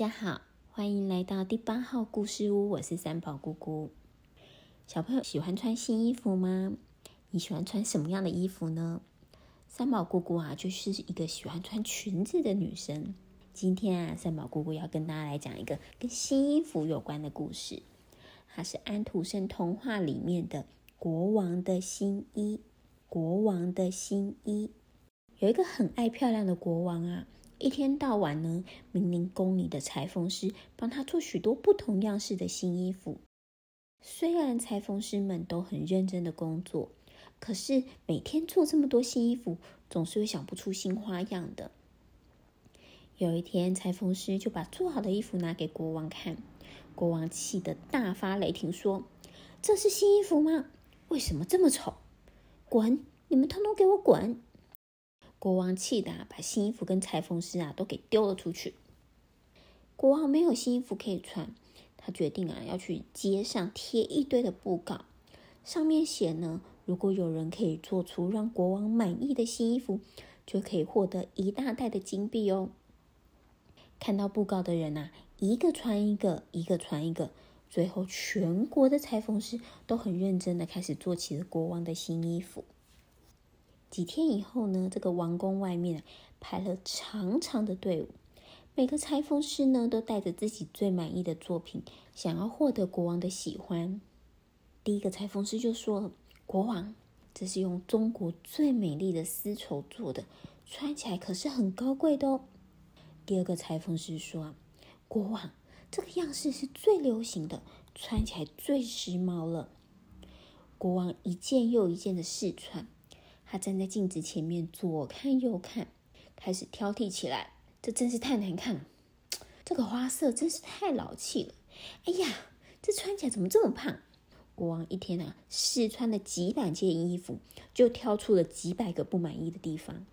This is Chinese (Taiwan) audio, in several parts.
大家好，歡迎來到第八號故事屋，我是三寶姑姑。小朋友喜歡穿新衣服嗎？你喜歡穿什麼樣的衣服呢？三寶姑姑啊，就是一個喜歡穿裙子的女生。今天啊，三寶姑姑要跟大家來講一個跟新衣服有關的故事，它是安徒生童話裡面的《國王的新衣》。國王的新衣。有一個很愛漂亮的國王啊。一天到晚呢，命令宮裡的裁縫師幫他做許多不同樣式的新衣服。雖然裁縫師們都很認真的工作，可是每天做這麼多新衣服，總是會想不出新花樣的。有一天，裁縫師就把做好的衣服拿給國王看，國王氣得大發雷霆，說：“這是新衣服嗎？為什麼這麼醜？滾！你們通通給我滾！”國王氣的啊，把新衣服跟裁縫師啊都給丟了出去。國王沒有新衣服可以穿，他決定啊要去街上貼一堆的布告，上面寫呢，如果有人可以做出讓國王滿意的新衣服，就可以獲得一大袋的金幣哦。看到布告的人啊，一個傳一個，一個傳一個，最後全國的裁縫師都很認真的開始做起了國王的新衣服。幾天以後呢，這個王宮外面啊，排了長長的隊伍，每個裁縫師呢都帶着自己最滿意的作品，想要獲得國王的喜歡。第一個裁縫師就說：“國王，這是用中國最美麗的絲綢做的，穿起來可是很高貴的哦。”第二個裁縫師說：“國王，這個樣式是最流行的，穿起來最時髦了。”國王一件又一件的試穿。他站在鏡子前面，左看右看，開始挑剔起來。這真是太難看了，這個花色真是太老氣了。哎呀，這穿起來怎麼這麼胖？國王一天啊試穿了幾百件衣服，就挑出了幾百個不滿意的地方。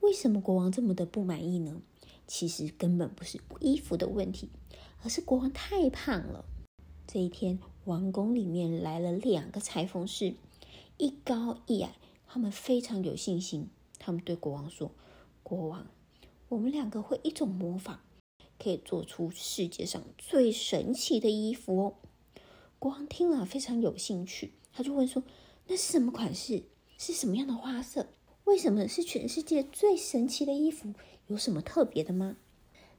為什麼國王這麼的不滿意呢？其實根本不是衣服的問題，而是國王太胖了。這一天，王宮裡面來了兩個裁縫師，一高一矮。他們非常有信心，他們對國王說：“國王，我們兩個會一種魔法，可以做出世界上最神奇的衣服哦。”國王聽了非常有興趣，他就問說：“那是什麼款式？是什麼樣的花色？為什麼是全世界最神奇的衣服？有什麼特別的嗎？”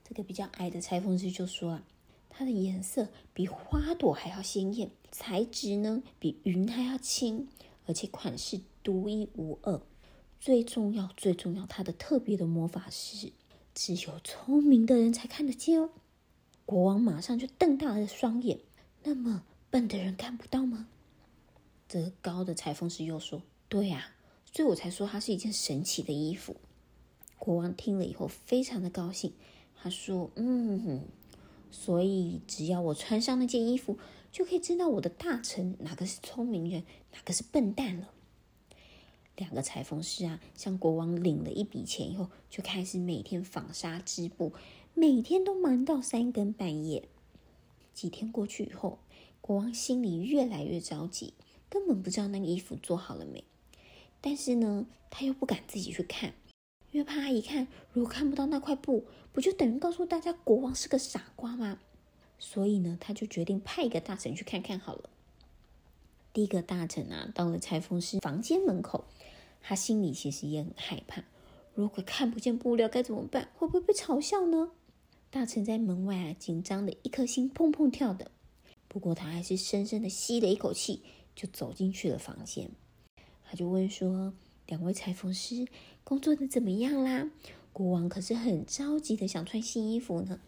這個比較矮的裁縫師就說：“啊，它的顏色比花朵還要鮮豔，材質呢比雲還要輕，而且款式。”獨一無二，最重要最重要，它的特別的魔法是只有聰明的人才看得見哦。國王馬上就瞪大了雙眼。那麼笨的人看不到嗎？這高的裁縫師又說：“對呀、啊，所以我才說它是一件神奇的衣服。”國王聽了以後非常的高興，他說：“嗯，所以只要我穿上那件衣服，就可以知道我的大臣哪個是聰明人，哪個是笨蛋了。”兩個裁縫師啊，向國王領了一筆錢以後，就開始每天紡紗織布，每天都忙到三更半夜。幾天過去以後，國王心裡越來越着急，根本不知道那個衣服做好了沒。但是呢，他又不敢自己去看，因為怕他一看，如果看不到那塊布，不就等於告訴大家國王是個傻瓜嗎？所以呢，他就決定派一個大臣去看看好了。第一個大臣啊，到了裁縫師房間門口，他心裡其實也很害怕。如果看不見布料該怎麼辦？會不會被嘲笑呢？大臣在門外啊，緊張的一顆心砰砰跳的。不過他還是深深的吸了一口氣，就走進去了房間。他就問說：“兩位裁縫師，工作的怎麼樣啦？國王可是很着急的想穿新衣服呢。”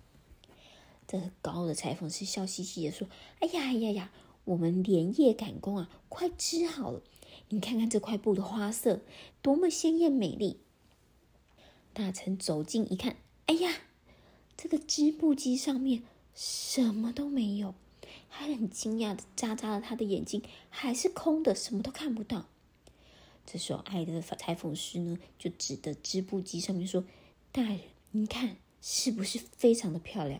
這個、高的裁縫師笑嘻嘻的說：“哎呀呀、哎、呀！”我們連夜趕工啊，快織好了！你看看這塊布的花色，多麼鮮艷美麗！大臣走近一看，哎呀，這個織布機上面什麼都沒有，還很驚訝的眨眨了他的眼睛，還是空的，什麼都看不到。這時候，愛的裁縫師呢，就指着織布機上面說：“大人，你看是不是非常的漂亮？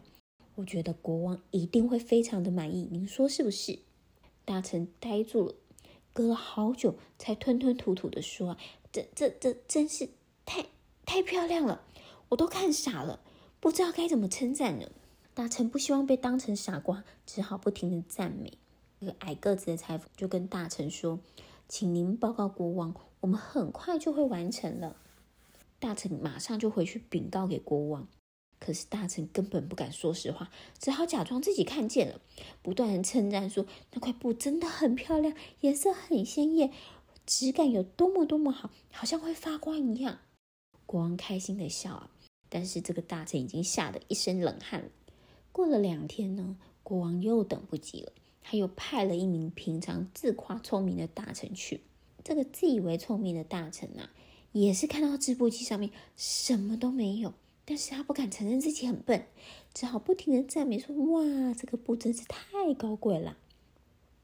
我覺得國王一定會非常的滿意，您說是不是？”大臣呆住了，隔了好久才吞吞吐吐地說：“啊，這、這、這真是太太漂亮了，我都看傻了，不知道該怎麼稱讚呢。”大臣不希望被當成傻瓜，只好不停的讚美。那個矮個子的裁縫就跟大臣說：“請您報告國王，我們很快就會完成了。”大臣馬上就回去稟告給國王。可是大臣根本不敢說實話，只好假裝自己看見了，不斷稱讚說：“那塊布真的很漂亮，顏色很鮮豔，質感有多麼多麼好，好像會發光一樣。”國王開心的笑啊，但是這個大臣已經嚇得一身冷汗。過了兩天呢，國王又等不及了，他又派了一名平常自誇聰明的大臣去。這個自以為聰明的大臣吶、啊，也是看到織布機上面什麼都沒有。但是他不敢承認自己很笨，只好不停的讚美說：“哇，這個布真是太高貴了。”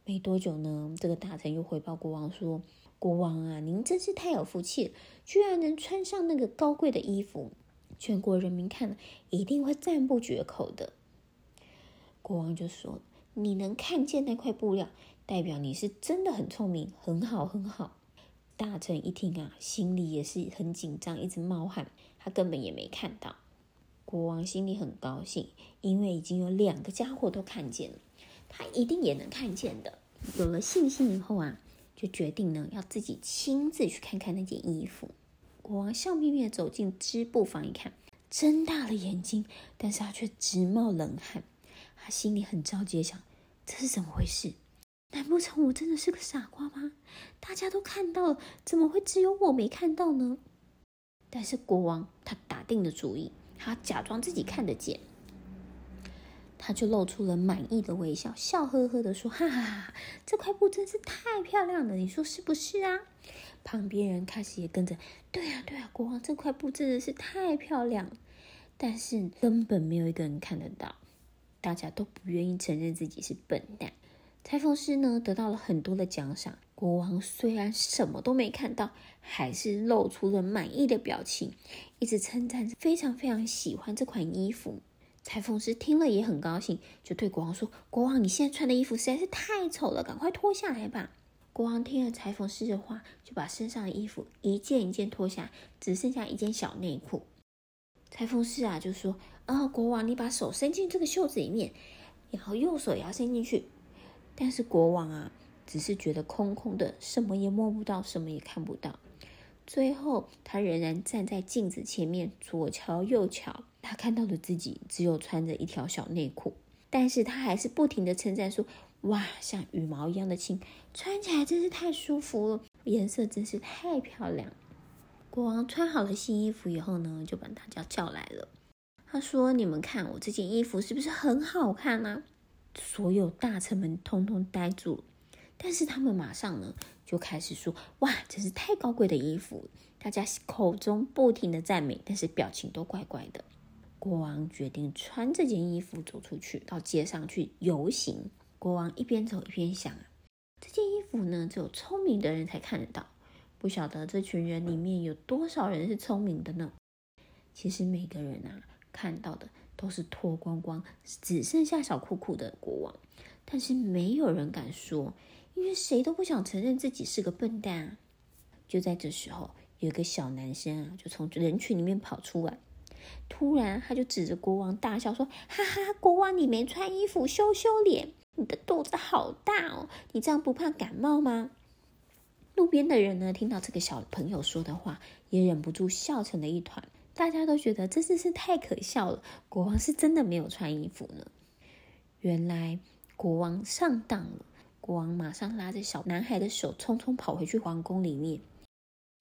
沒多久呢，這個大臣又回報國王說：“國王啊，您真是太有福氣，居然能穿上那個高貴的衣服，全國人民看了一定會讚不絕口的。”國王就說：“你能看見那塊布料，代表你是真的很聰明，很好，很好。”大臣一聽啊，心裡也是很緊張，一直冒汗。他根本也沒看到。國王心裡很高興，因為已經有兩個家伙都看見了，他一定也能看見的。有了信心以後啊，就決定呢要自己親自去看看那件衣服。國王笑眯眯的走進織布房，一看，睜大了眼睛，但是他卻直冒冷汗。他心裡很着急想，想這是怎麼回事？難不成我真的是個傻瓜嗎？大家都看到了，怎麼會只有我沒看到呢？但是國王他打定了主意，他假裝自己看得見，他就露出了滿意的微笑，笑呵呵的說：“哈哈，這塊布真是太漂亮了，你說是不是啊？”旁邊人開始也跟着：“對啊，對啊，國王這塊布真的是太漂亮。”但是根本沒有一個人看得到，大家都不願意承認自己是笨蛋。裁縫師呢得到了很多的獎賞。國王雖然什麼都沒看到，還是露出了滿意的表情，一直稱讚非常非常喜歡這款衣服。裁縫師聽了也很高興，就對國王說：“國王，你現在穿的衣服實在是太醜了，趕快脫下來吧。”國王聽了裁縫師的話，就把身上的衣服一件一件脫下，只剩下一件小內褲。裁縫師啊就說：“啊，國王，你把手伸進這個袖子裡面，然後右手也要伸進去。”但是國王啊，只是覺得空空的，什麼也摸不到，什麼也看不到。最後，他仍然站在鏡子前面左瞧右瞧，他看到的自己只有穿着一條小內褲。但是他還是不停地稱讚說：“哇，像羽毛一樣的輕，穿起來真是太舒服了，顏色真是太漂亮。”國王穿好了新衣服以後呢，就把大家叫叫來了。他說：“你們看我這件衣服是不是很好看呢啊？”所有大臣們通通呆住了，但是他們馬上呢就開始說：“哇，這是太高貴的衣服！”大家口中不停的讚美，但是表情都怪怪的。國王決定穿這件衣服走出去，到街上去遊行。國王一邊走一邊想：這件衣服呢，只有聰明的人才看得到。不曉得這群人裡面有多少人是聰明的呢？其實每個人啊，看到的。都是脫光光，只剩下小褲褲的國王，但是沒有人敢說，因為誰都不想承認自己是個笨蛋啊。就在這時候，有一個小男生啊，就從人群裡面跑出來，突然他就指着國王大笑說：“哈哈，國王你沒穿衣服，羞羞臉，你的肚子好大哦，你這樣不怕感冒嗎？”路邊的人呢，聽到這個小朋友說的話，也忍不住笑成了一團。大家都覺得這真是太可笑了！國王是真的沒有穿衣服呢。原來國王上當了，國王馬上拉着小男孩的手，匆匆跑回去皇宮裡面。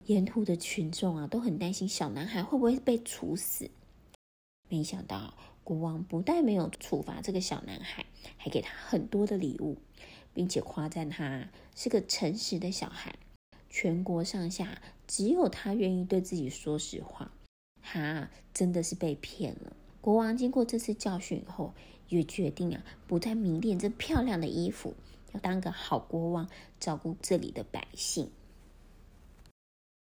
沿途的群眾啊，都很擔心小男孩會不會被處死。沒想到國王不但沒有處罰這個小男孩，還給他很多的禮物，並且誇讚他是個誠實的小孩。全國上下只有他願意對自己說實話。他真的是被騙了。國王經過這次教訓以後，也決定啊，不再迷戀這漂亮的衣服，要當個好國王，照顧這裡的百姓。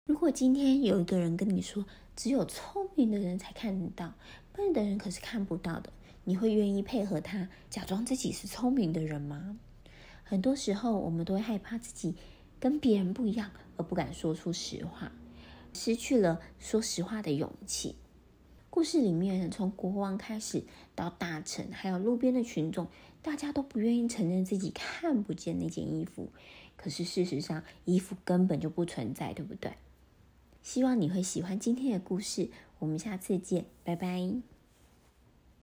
如果今天有一個人跟你說，只有聰明的人才看得到，笨的人可是看不到的，你會願意配合他，假裝自己是聰明的人嗎？很多時候，我們都會害怕自己跟別人不一樣，而不敢說出實話。失去了說實話的勇氣，故事裡面，從國王開始到大臣，還有路邊的群眾，大家都不願意承認自己看不見那件衣服。可是事實上，衣服根本就不存在，對不對？希望你會喜歡今天的故事。我們下次見，拜拜。